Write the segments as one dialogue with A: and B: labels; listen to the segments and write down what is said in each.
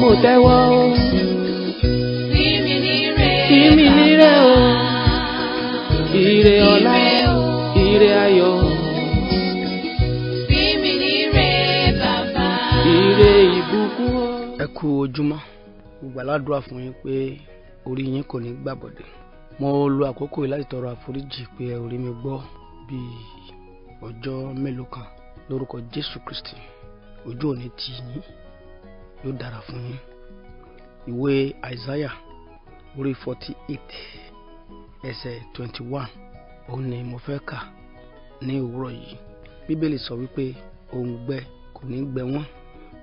A: mo tẹ́wọ́ o. Bí mi ní rè bàbá. Bí mi ní rè o. Ire ọlá. Ire ayọ̀. Bí mi ní rè bàbá. Ire ìbùkún
B: o. Ẹ kú ojúmọ́. Gbogbo aládùúrà fún yín pé orí yín kò ní gbàbọ̀dẹ̀. Mo lo àkókò yìí láti tọrọ àforíjì pé ẹ ò mi gbọ́ bíi ọjọ́ mélòó kan lórúkọ Jésù Kristi ojú òní tì yín yóò dára fún yín ìwé Isaiah orí forty eight ẹsẹ̀ twenty one òun ni mo fẹ́ kà ní òwúrọ̀ yìí bíbélì sọ wípé òǹgbẹ kò ní gbẹ wọ́n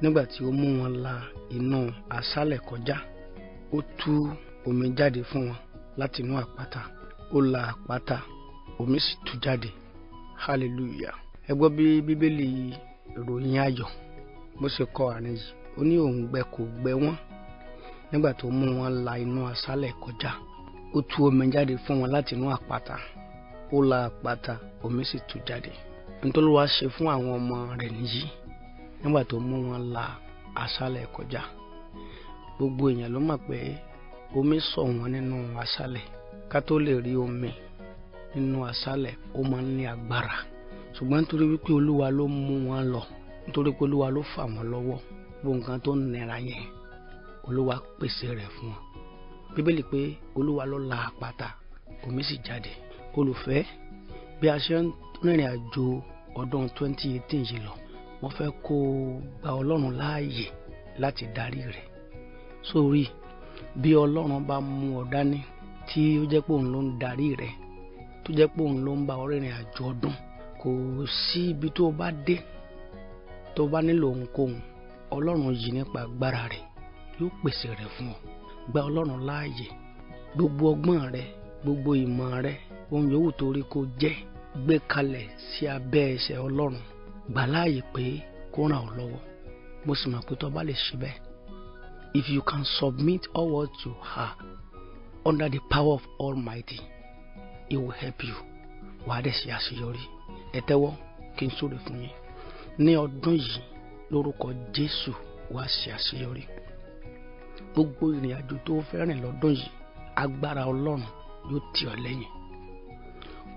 B: nígbà tí ó mú wọn la inú aṣálẹ̀ kọjá ó tú omi jáde fún wọn láti inú àpáta ó la àpáta omi sì tú jáde hallelujah ẹ gbọ́ bí bíbélì ròyìn ayọ̀ bó ṣe kọ àárín yìí ó ní òun gbẹ kò gbẹ wọ́n nígbà tó mú wọn la inú aṣálẹ̀ kọjá ó tú omi jáde fún wọn láti inú àpáta ó la àpáta omi sì tú jáde nítorí wàá ṣe fún àwọn ọmọ rẹ̀ nìyí nígbà tó mú wọn la aṣálẹ̀ kọjá gbogbo èèyàn ló mọ̀ pé omi sọ wọn nínú aṣálẹ̀ ká tó lè rí omi nínú aṣálẹ̀ ó máa ń ní agbára ṣùgbọ́n nítorí wípé olúwa ló mú wọn lọ nítorí pé olúwa ló fà wọn lọ́wọ́ gbogbo nǹkan tó ń nira yẹn olúwa pèsè rẹ̀ fún wọn bíbélì pé olúwa ló la àpáta omi sì jáde olùfẹ́ bí a ṣe ń rìnrìn àjò ọdún 2018 yìí lọ wọ́n fẹ́ kó o gba ọlọ́run láàyè láti darí rẹ̀ sórí bí ọlọ́run bá mú ọ dání tí ó jẹ́ pé òun ló ń darí rẹ̀ tó jẹ́ pé òun ló ń bá ọ rìnrìn àjò ọdún kò sí ibi tó o bá dé tó o bá nílò ohunkóhun ọlọ́run yìí nípa agbára rẹ̀ yóò pèsè rẹ̀ fún ọ gba ọlọ́run láàyè gbogbo ọgbọ́n rẹ gbogbo ìmọ̀ rẹ ohun yòówù tó kó jẹ́ gbé kalẹ̀ sí abẹ́ ẹsẹ̀ ọlọ́run gbà láàyè pé kó ràn ọ́ lọ́wọ́ mo sì mọ̀ pé tó bá lè ṣe bẹ́ẹ̀ if you can submit all what you are under the power of Almighty he will help you wàá dẹ̀ ṣe àṣeyọrí ẹ tẹ́wọ́ kí n súre fún yín ní ọdún yìí lórúkọ Jésù wá sí àṣeyọrí gbogbo ìrìn àjò tó fẹ́ rìn lọ́dún yìí agbára Ọlọ́run yóò tì ọ́ lẹ́yìn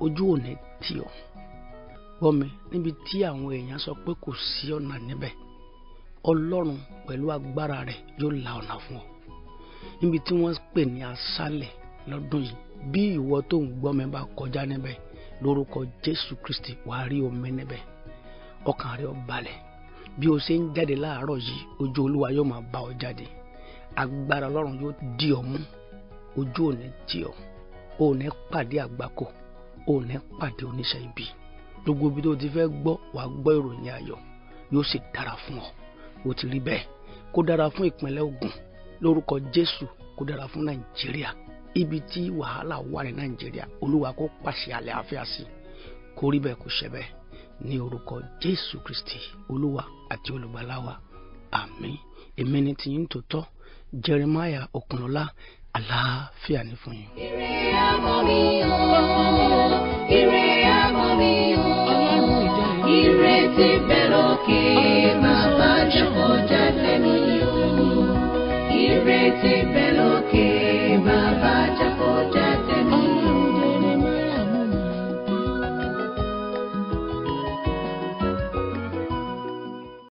B: ojú ò ní tì ọ́ gbọ́ mi níbi tí àwọn èèyàn sọ pé kò sí ọ̀nà níbẹ̀ Ọlọ́run pẹ̀lú agbára rẹ̀ yóò la ọ̀nà fún ọ níbi tí wọ́n pè ní aṣálẹ̀ lọ́dún yìí bí ìwọ tó ń gbọ́ mi bá kọjá níbẹ̀ lórúkọ Jésù Kristi wàá rí omi níbẹ̀ ọkàn rẹ̀ ó balẹ̀ bí o ṣe ń jáde láàárọ̀ yìí ojú olúwa yóò máa bá ọ jáde agbára ọlọ́run yóò dì ọ mú ojú ò ní tì ọ ò ní pàdé àgbákò ò ní pàdé oníṣẹ́ ibi gbogbo ibi tó ti fẹ́ gbọ́ wà á gbọ́ ìròyìn ayọ̀ yóò sì dára fún ọ ó ti rí bẹ́ẹ̀ kó dára fún ìpínlẹ̀ Ògùn lórúkọ Jésù kó dára fún Nàìjíríà ibi tí wàhálà wà ní Nàìjíríà olúwa kó pàṣẹ àlẹ́ àfíà sí kó rí bẹ́ẹ̀ kó ṣe bẹ́ẹ̀ ní orúkọ jésù kristi olúwa àti olùgbàlà wa àmín èmi ni tiyín tòótọ́ jeremiah okunlọlá àlàáfíà ní fún
A: yín. ire ọkọ mi o.